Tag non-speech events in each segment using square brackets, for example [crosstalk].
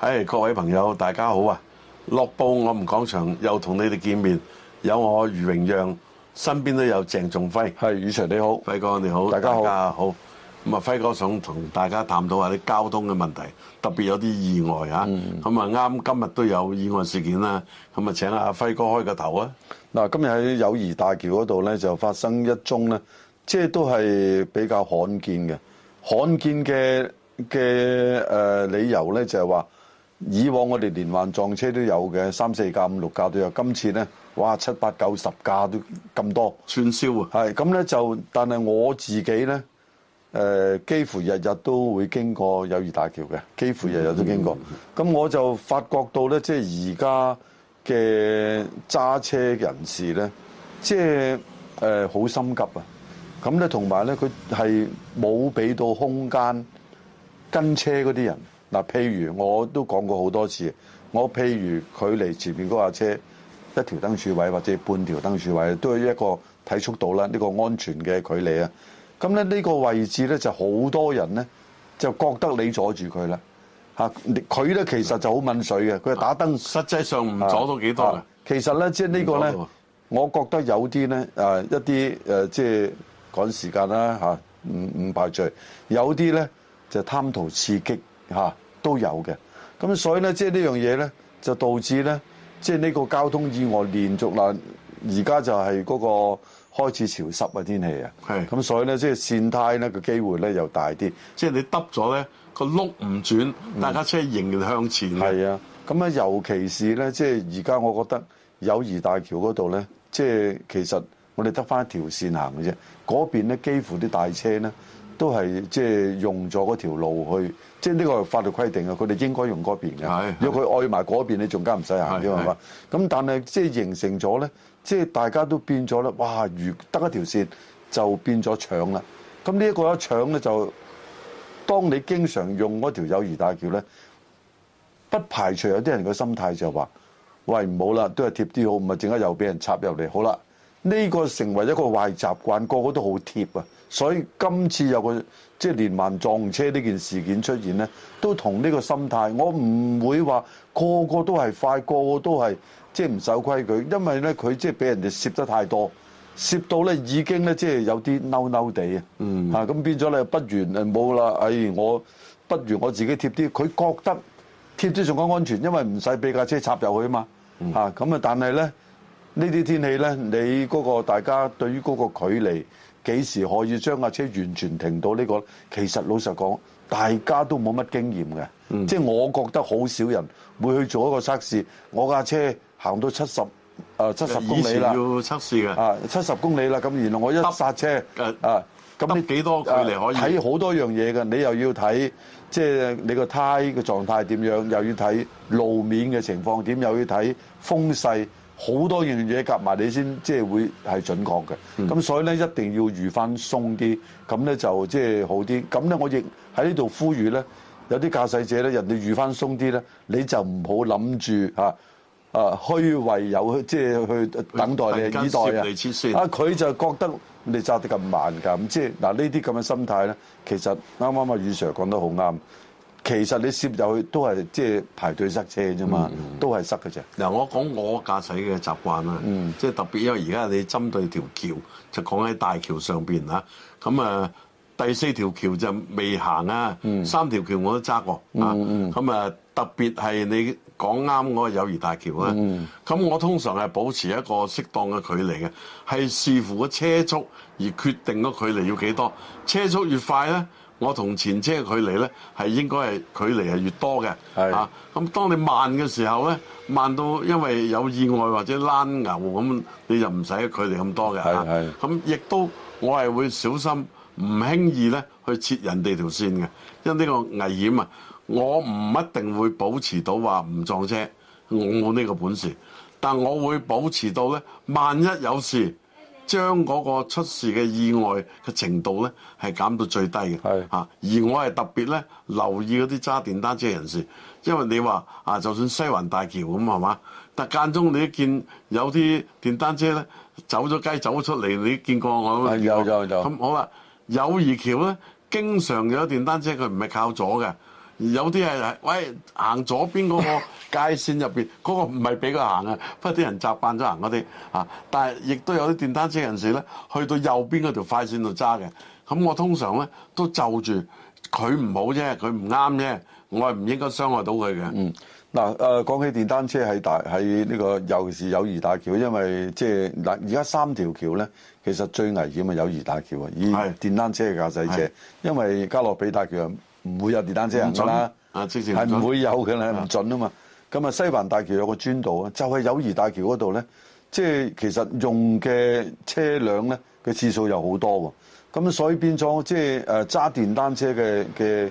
係、哎、各位朋友，大家好啊！樂報我唔講場又同你哋見面，有我余榮讓，身邊都有鄭仲輝。係，余 Sir 你好，輝哥你好，大家好。咁啊，輝哥想同大家探討下啲交通嘅問題，特別有啲意外啊。咁、嗯、啊，啱今日都有意外事件啦。咁啊，請阿、啊、輝哥開個頭啊。嗱，今日喺友誼大橋嗰度咧，就發生一宗咧，即、就、係、是、都係比較罕見嘅，罕見嘅嘅誒理由咧，就係、是、話。以往我哋連環撞車都有嘅，三四架、五六架都有。今次呢，哇，七八九十架都咁多，串燒啊！係咁呢，就，但係我自己呢，誒、呃，幾乎日日都會經過友誼大橋嘅，幾乎日日都經過。咁 [laughs] 我就發覺到呢，即係而家嘅揸車嘅人士呢，即係好心急啊！咁呢，同埋呢，佢係冇俾到空間跟車嗰啲人。嗱，譬如我都講過好多次，我譬如距離前面嗰架車一條燈柱位或者半條燈柱位，都有一個睇速度啦，呢個安全嘅距離啊。咁咧，呢個位置咧，就好多人咧，就覺得你阻住佢啦，吓，佢咧，其實就好文水嘅，佢打燈實際上唔阻到幾多、啊、其實咧，即係呢個咧，我覺得有啲咧、啊、一啲、啊、即係趕時間啦吓，唔唔排隊，有啲咧就貪圖刺激。都有嘅，咁所以咧，即係呢樣嘢咧，就導致咧，即係呢個交通意外連續啦。而家就係嗰個開始潮濕嘅天氣啊，係。咁所以咧，即係線胎咧個機會咧又大啲。即係你耷咗咧，個轆唔轉，但架車仍然向前係、嗯、啊，咁啊，尤其是咧，即係而家我覺得友誼大橋嗰度咧，即係其實我哋得翻一條線行嘅啫。嗰邊咧幾乎啲大車咧。都係即係用咗嗰條路去，即係呢個法律規定啊，佢哋應該用嗰邊嘅。如果佢愛埋嗰邊，是是你仲加唔使行啫嘛。咁但係即係形成咗咧，即係大家都變咗咧。哇！如得一條線就變咗搶啦。咁呢一個一搶咧，就當你經常用嗰條友誼大橋咧，不排除有啲人嘅心態就話：喂，唔好啦，都係貼啲好，唔係陣間又俾人插入嚟。好啦，呢個成為一個壞習慣，個個都好貼啊。所以今次有個即係連環撞車呢件事件出現呢，都同呢個心態。我唔會話個，個個都係快，個個都係即係唔守規矩，因為呢，佢即係俾人哋攝得太多，攝到呢已經呢，即係有啲嬲嬲地啊。嗯。嚇、啊、咁變咗呢，不如冇啦。哎，我不如我自己貼啲。佢覺得貼啲仲夠安全，因為唔使俾架車插入去啊嘛。嗯。咁啊！但係呢，呢啲天氣呢，你嗰個大家對於嗰個距離。幾時可以將架車完全停到呢個？其實老實講，大家都冇乜經驗嘅、嗯，即係我覺得好少人會去做一個測試。我架車行到七十，呃、七十公里啦，要測試嘅，啊七十公里啦，咁然後我一剎車，咁啊，你得幾多距離可以？睇、啊、好多樣嘢嘅，你又要睇，即係你個胎嘅狀態點樣，又要睇路面嘅情況點，又要睇風勢。好多樣嘢夾埋你先，即係會係準確嘅。咁、嗯、所以咧，一定要預翻鬆啲，咁咧就即係好啲。咁咧，我亦喺呢度呼籲咧，有啲駕駛者咧，人哋預翻鬆啲咧，你就唔好諗住嚇啊虛位有，即係去等待你嘅，以待啊！啊，佢就覺得你揸得咁慢㗎，咁即係嗱呢啲咁嘅心態咧，其實啱啱阿余 Sir 講得好啱。其實你攝入去都係即係排隊塞車啫嘛、嗯嗯，都係塞嘅啫、嗯。嗱、嗯，我講我駕駛嘅習慣啦，即、嗯、係、就是、特別因為而家你針對條橋就講喺大橋上邊嚇，咁啊，啊第四條橋就未行啊、嗯，三條橋我都揸過啊，咁、嗯嗯、啊特別係你講啱嗰個友誼大橋、嗯、啊，咁我通常係保持一個適當嘅距離嘅，係視乎個車速而決定個距離要幾多，車速越快咧。我同前車距離呢，係應該係距離係越多嘅，啊咁當你慢嘅時候呢，慢到因為有意外或者拉牛咁，你就唔使距離咁多嘅，啊咁亦都我係會小心，唔輕易呢去切人哋條線嘅，因為呢個危險啊，我唔一定會保持到話唔撞車，我冇呢個本事，但係我會保持到呢，萬一有事，將嗰個出事嘅意外嘅程度咧，係減到最低嘅。而我係特別咧留意嗰啲揸電單車人士，因為你話啊，就算西環大橋咁係嘛，但間中你都見有啲電單車咧走咗街走出嚟，你見過？我見過。有有有。咁好啦，友誼橋咧，經常有電單車佢唔係靠左嘅。有啲係喂行左邊嗰個界線入面，嗰 [laughs] 個唔係俾佢行啊！不過啲人習慣咗行嗰啲啊，但係亦都有啲電單車人士咧，去到右邊嗰條快線度揸嘅。咁我通常咧都就住佢唔好啫，佢唔啱啫，我係唔應該傷害到佢嘅。嗯，嗱、呃、誒，講起電單車喺大喺呢、這個，尤其是友誼大橋，因為即係嗱，而家三條橋咧，其實最危險咪友誼大橋喎，以電單車嘅駕駛者，因為加洛比大橋。唔會有電單車人噶啦，係唔、啊、會有嘅，係唔準啊嘛。咁啊，西環大橋有個專道啊，就係、是、友誼大橋嗰度咧。即係其實用嘅車輛咧嘅次數又好多喎。咁所以變咗即係誒揸電單車嘅嘅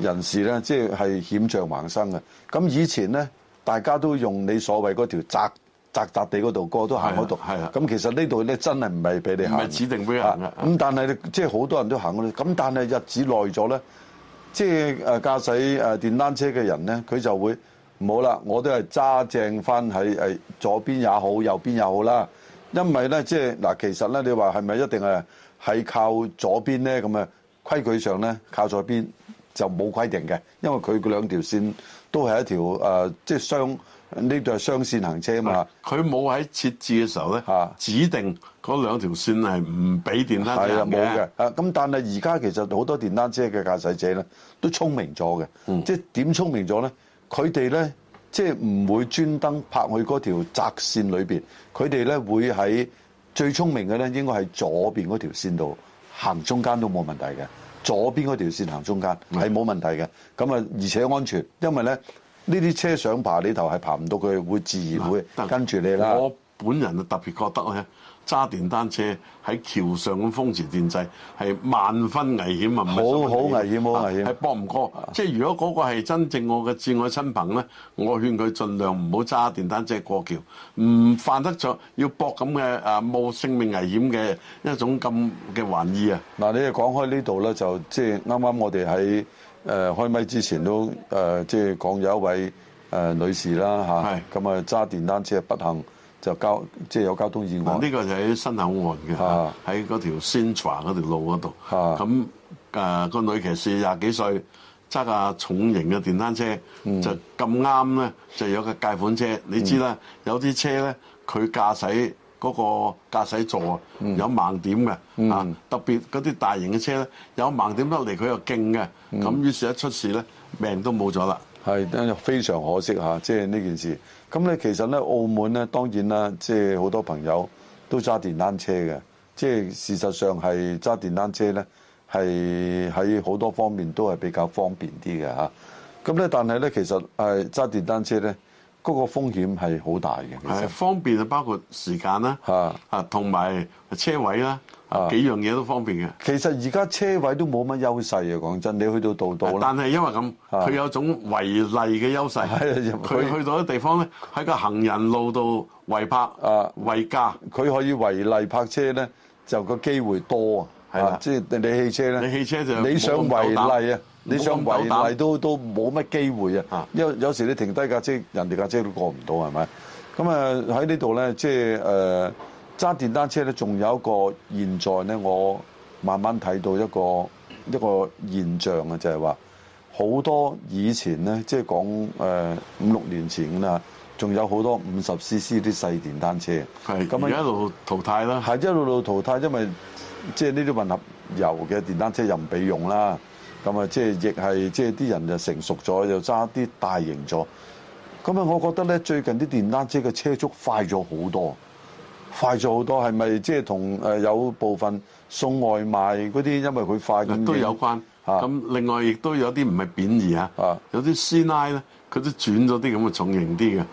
人士咧，即係係險象橫生嘅。咁以前咧，大家都用你所謂嗰條窄窄窄地嗰度過都行得度，咁其實呢度咧真係唔係俾你行，係指定俾人行。咁但係即係好多人都行嗰啲，咁但係日子耐咗咧。即係誒駕駛誒電單車嘅人咧，佢就會唔好啦。我都係揸正翻喺左邊也好，右邊也好啦。因為咧，即係嗱，其實咧，你話係咪一定係係靠左邊咧？咁啊規矩上咧靠左邊就冇規定嘅，因為佢嘅兩條線都係一條誒，即、呃、係、就是、雙。呢度係雙線行車啊嘛，佢冇喺設置嘅時候咧，指定嗰兩條線係唔俾電單車嘅。係啊，冇嘅。啊，咁但係而家其實好多電單車嘅駕駛者咧，都聰明咗嘅、嗯。即點聰明咗咧？佢哋咧，即唔會專登泊去嗰條窄線裏邊。佢哋咧會喺最聰明嘅咧，應該係左邊嗰條線度行中間都冇問題嘅。左邊嗰條線行中間係冇問題嘅。咁啊，而且安全，因為咧。呢啲車上爬，呢頭係爬唔到，佢會自然會跟住你啦。我本人特別覺得咧，揸電單車喺橋上咁風馳電掣係萬分危險啊！冇好危險好，好危險，係搏唔過。即、啊、係如果嗰個係真正我嘅至愛親朋咧，我勸佢盡量唔好揸電單車過橋，唔犯得著要搏咁嘅冇冒性命危險嘅一種咁嘅玩意啊！嗱，你哋講開呢度咧，就，就即係啱啱我哋喺。誒、呃、開咪之前都誒即係講咗一位誒、呃、女士啦咁啊揸電單車不幸就交即係有交通意外。呢個就喺新口岸嘅，喺嗰、啊、條 Sintra 嗰條路嗰度。咁誒、啊呃、個女騎士廿幾歲揸架重型嘅電單車，嗯、就咁啱咧就有個介款車。你知啦、嗯，有啲車咧佢駕駛。嗰、那個駕駛座啊，有盲點嘅啊、嗯嗯，特別嗰啲大型嘅車咧，有盲點落嚟佢又勁嘅，咁、嗯、於是一出事咧命都冇咗啦。係，非常可惜嚇，即係呢件事。咁咧其實咧，澳門咧當然啦，即係好多朋友都揸電單車嘅，即係事實上係揸電單車咧，係喺好多方面都係比較方便啲嘅嚇。咁咧，但係咧其實係揸電單車咧。嗰、嗰個風險係好大嘅，係方便啊，包括時間啦，啊啊同埋車位啦，啊幾樣嘢都方便嘅。其實而家車位都冇乜優勢嘅，講真，你去到度度。但係因為咁，佢、啊、有種違例嘅優勢，佢、啊、去到啲地方咧，喺個行人路度違泊、啊違格，佢可以違例泊車咧，就個機會多啊。係啊，即係你汽車咧，你汽車就你想違例啊，你想違例都都冇乜機會啊，因為有時你停低架車，人哋架車都過唔到係咪？咁啊喺呢度咧，即係誒揸電單車咧，仲有一個現在咧，我慢慢睇到一個一個現象啊，就係話好多以前咧，即係講誒五六年前咁啦，仲有好多五十 CC 啲細電單車，係而家一路淘汰啦，係一路路淘汰，因為。即係呢啲混合油嘅電單車又唔俾用啦，咁啊即係亦係即係啲人就成熟咗，又揸啲大型咗。咁啊，我覺得咧最近啲電單車嘅車速快咗好多，快咗好多，係咪即係同誒有部分送外賣嗰啲，因為佢快、啊、都有關。咁另外亦都有啲唔係貶義啊，有啲師奶咧佢都轉咗啲咁嘅重型啲嘅，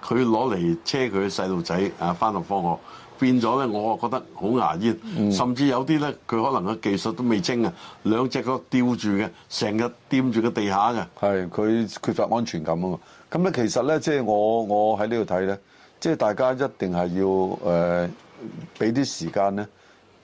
佢攞嚟車佢細路仔啊翻學放學。變咗咧，我覺得好牙煙，嗯，甚至有啲咧，佢可能個技術都未精啊，兩隻腳吊住嘅，成日掂住個地下嘅，係佢缺乏安全感啊嘛。咁咧其實咧，即係我我喺呢度睇咧，即係大家一定係要誒俾啲時間咧，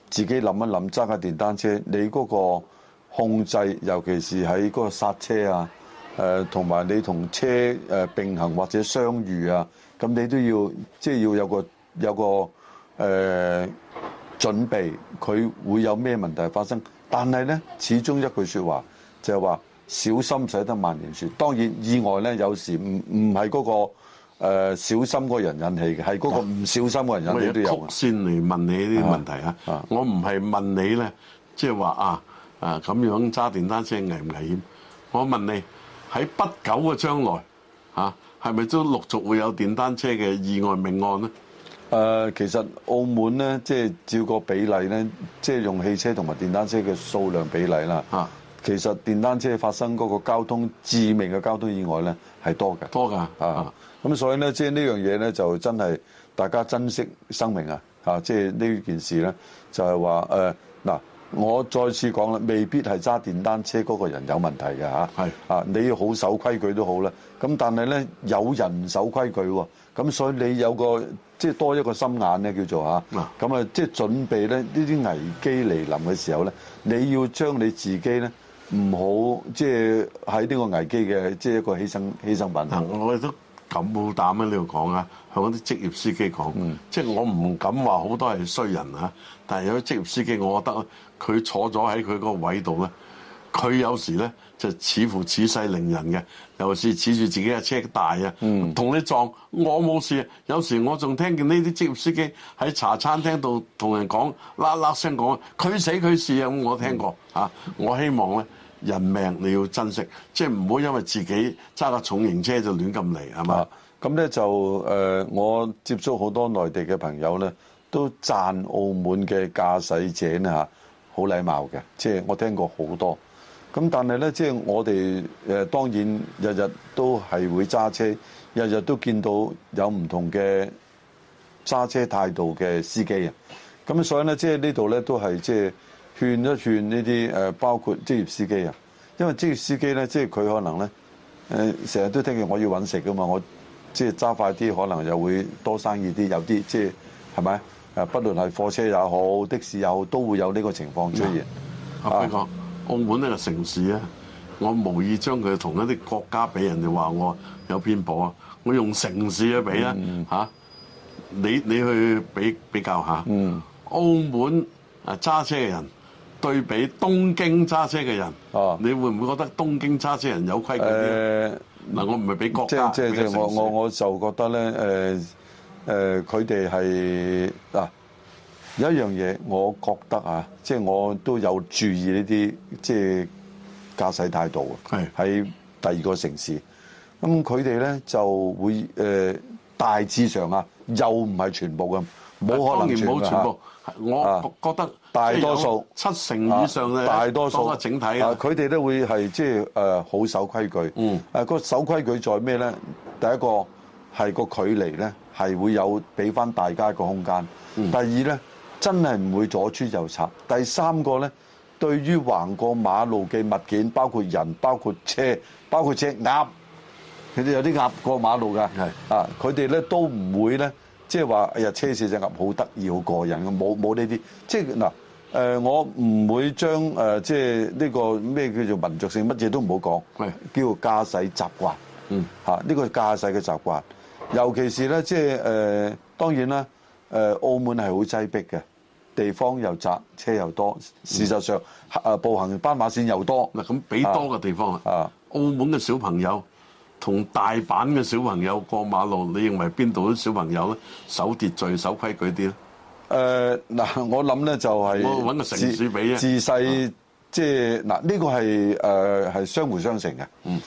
自己諗一諗揸架電單車，你嗰個控制，尤其是喺嗰個剎車啊，誒同埋你同車誒並行或者相遇啊，咁你都要即係要有個有個。誒、呃、準備佢會有咩問題發生？但係咧，始終一句説話就係、是、話小心使得萬年船。當然意外咧，有時唔唔係嗰個、呃、小心嗰人引起嘅，係嗰個唔小心嗰人引起嘅。我都有。我係曲線嚟問你呢啲問題啊！啊啊我唔係問你咧，即係話啊啊咁樣揸電單車危唔危險？我問你喺不久嘅將來嚇係咪都陸續會有電單車嘅意外命案咧？誒、呃，其實澳門咧，即係照個比例咧，即係用汽車同埋電單車嘅數量比例啦。啊，其實電單車發生嗰個交通致命嘅交通意外咧，係多嘅。多㗎，啊，啊，咁所以咧，即係呢樣嘢咧，就真係大家珍惜生命啊！嚇，即係呢件事咧，就係話誒嗱。呃我再次講啦，未必係揸電單車嗰個人有問題嘅嚇，係啊，你要好守規矩都好啦。咁但係咧，有人唔守規矩喎。咁所以你有個即係多一個心眼咧，叫做嚇。咁啊，即係準備咧，呢啲危機嚟臨嘅時候咧，你要將你自己咧唔好即係喺呢個危機嘅即係一個犧牲犧牲品。啊，我都。咁冇膽喺呢度講啊，向啲職業司機講、嗯，即係我唔敢話好多係衰人啊，但係有啲職業司機，我覺得佢坐咗喺佢嗰個位度咧，佢有時咧就似乎恃勢凌人嘅，尤其是恃住自己嘅車大啊，同、嗯、你撞我冇事，有時我仲聽見呢啲職業司機喺茶餐廳度同人講嗱嗱聲講，佢死佢事啊！咁我聽過嚇、嗯啊，我希望咧。人命你要珍惜，即係唔好因為自己揸架重型車就亂咁嚟，係嘛？咁咧就誒，我接觸好多內地嘅朋友咧，都讚澳門嘅駕駛者咧嚇，好禮貌嘅。即係我聽過好多。咁但係咧，即係我哋誒當然日日都係會揸車，日日都見到有唔同嘅揸車態度嘅司機啊。咁所以咧，即係呢度咧都係即係，就是勸一勸呢啲誒，包括職業司機啊，因為職業司機咧，即係佢可能咧誒，成、呃、日都聽見我要搵食噶嘛，我即係揸快啲，可能又會多生意啲，有啲即係係咪？誒，不論係貨車也好，的士也好，都會有呢個情況出現。阿、嗯、哥、啊，澳門呢個城市啊、嗯，我無意將佢同一啲國家俾人哋話我有偏頗啊，我用城市去比、嗯、啊，嚇，你你去比比較嚇、嗯，澳門誒揸車嘅人。對比東京揸車嘅人，哦、啊，你會唔會覺得東京揸車嘅人有規矩啲？嗱、呃，我唔係比國家嘅，即係即係，城市。即即我我我就覺得咧誒誒，佢哋係嗱有一樣嘢，我覺得啊，即、即係、我都有注意呢啲即駕駛態度啊。係喺第二個城市，咁佢哋咧就會誒、呃、大致上啊，又唔係全部嘅。冇可能全，全部、啊，我覺得大多數七成以上嘅、啊、大多數，佢哋、啊啊、都會係即係誒好守規矩。誒、嗯、個、啊、守規矩在咩咧？第一個係個距離咧，係會有俾翻大家一個空間。嗯、第二咧，真係唔會左穿右插。第三個咧，對於橫過馬路嘅物件，包括人、包括車、包括隻鴨，佢哋有啲鴨過馬路㗎。係啊，佢哋咧都唔會咧。即係話，哎呀，車似隻鴨，好得意，好過癮，冇冇呢啲。即係嗱，我唔會將誒、呃，即係呢、這個咩叫做民族性，乜嘢都唔好講。係，叫駕駛習慣。嗯，嚇、啊，呢、這個駕駛嘅習慣，尤其是咧，即係誒，當然啦，誒、呃，澳門係好擠迫嘅，地方又窄，車又多，事實上，誒、嗯，步行斑馬線又多。嗱、啊，咁、啊、俾多嘅地方啊。澳門嘅小朋友。同大阪嘅小朋友過馬路，你認為邊度啲小朋友守秩序、守規矩啲咧？誒、呃、嗱，我諗咧就係我揾個城市比啊，自細即係嗱，呢、呃呢個係誒係相互相成嘅。嗯，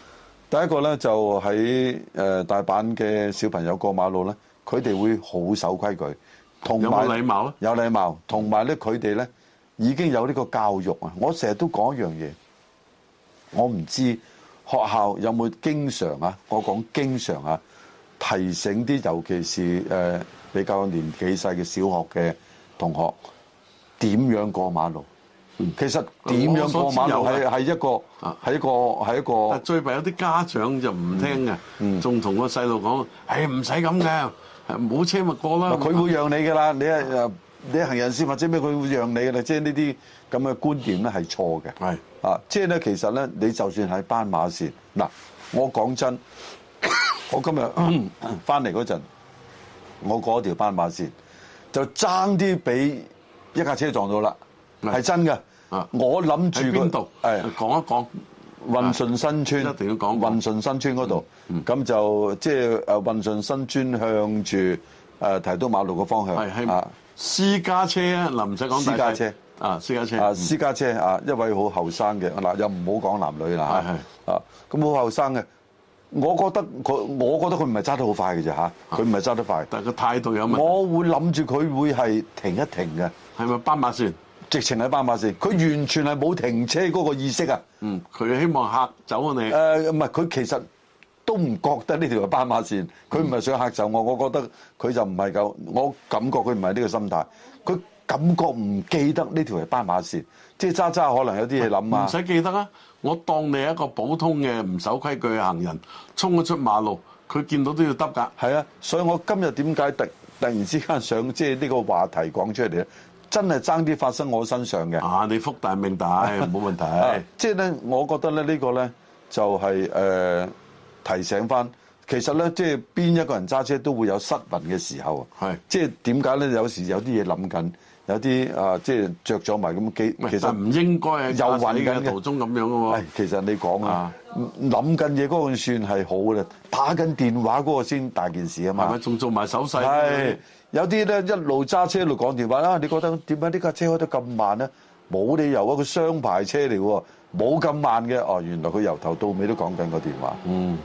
第一個咧就喺誒大阪嘅小朋友過馬路咧，佢哋會好守規矩，同埋有，有冇，有禮貌咧？有禮貌，同埋咧佢哋咧已經有呢個教育啊！我成日都講一樣嘢，我唔知。學校有冇經常啊？我講經常啊，提醒啲尤其是誒、呃、比較年紀細嘅小學嘅同學點樣過馬路。嗯、其實點樣過馬路係一個係一個係一個。啊、一個一個一個最弊有啲家長就唔聽嘅，仲同個細路講，誒唔使咁嘅，冇、嗯哎、車咪過啦。佢會讓你㗎啦，你、啊你行人先，或者咩，佢會讓你嘅啦。即係呢啲咁嘅觀點咧，係錯嘅。係啊，即係咧，其實咧，你就算喺斑馬線嗱，我講真，我今日翻嚟嗰陣，我過一條斑馬線，就爭啲俾一架車撞到啦，係真嘅。我諗住佢。喺邊度？誒，講一講。運順新村。一定要講。運順新村嗰度。嗯。咁就即係誒運順新村向住誒、呃、提督馬路嘅方向。係啊。私家車啊，嗱，唔使講私家車啊，私家車啊、嗯，私家車啊，一位好後生嘅嗱，又唔好講男女啦嚇，係，係啊咁好後生嘅，我覺得佢，我覺得佢唔係揸得好快嘅啫嚇，佢唔係揸得快，但係個態度有問題，我會諗住佢會係停一停嘅，係咪斑馬線？直情係斑馬線，佢完全係冇停車嗰個意識啊，嗯，佢希望嚇走我哋，誒，唔係佢其實。都唔覺得呢條係斑馬線，佢唔係想嚇走我。嗯、我覺得佢就唔係咁，我感覺佢唔係呢個心態。佢感覺唔記得呢條係斑馬線，即係渣渣可能有啲嘢諗啊。唔使記得啊！我當你係一個普通嘅唔守規矩嘅行人，衝咗出馬路，佢見到都要得㗎。係啊，所以我今日點解突突然之間想，即係呢個話題講出嚟咧？真係爭啲發生我身上嘅。啊，你福大命大，冇、 [laughs] 哎、問題。啊哎、即係咧，我覺得咧呢、呢個咧就係、是、誒。呃提醒翻，其實咧，即係邊一個人揸車都會有失魂嘅時候啊！係，即係點解咧？有時有啲嘢諗緊，有啲啊，即係着咗埋咁機。其實唔應該又暈緊途中咁樣嘅喎、啊哎、其實你講啊，諗緊嘢嗰個算係好嘅啦，打緊電話嗰個先大件事啊嘛。係咪仲做埋手勢？係，有啲咧一路揸車一路講電話啦、啊。你覺得點解呢架車開得咁慢咧？冇理由啊！佢雙排車嚟喎，冇咁慢嘅。哦、啊，原來佢由頭到尾都講緊個電話。嗯。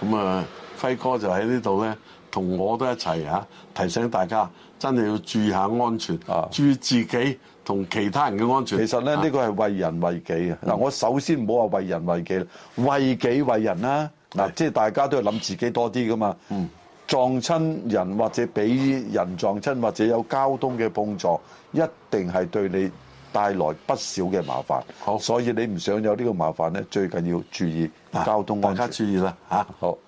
咁啊，輝哥就喺呢度咧，同我都一齊嚇、啊，提醒大家真係要注意下安全、啊，注意自己同其他人嘅安全。其實咧，呢、啊呢個係為人為己啊！嗱、嗯，我首先唔好話為人為己啦，為己為人啦、啊。嗱，即、啊、係、就係、大家都係諗自己多啲噶嘛。嗯，撞親人或者俾人撞親，或者有交通嘅碰撞，一定係對你。帶來不少嘅麻煩。好，所以你唔想有呢個麻煩呢，最緊要注意交通安全。啊、大家注意啦，吓、啊，好。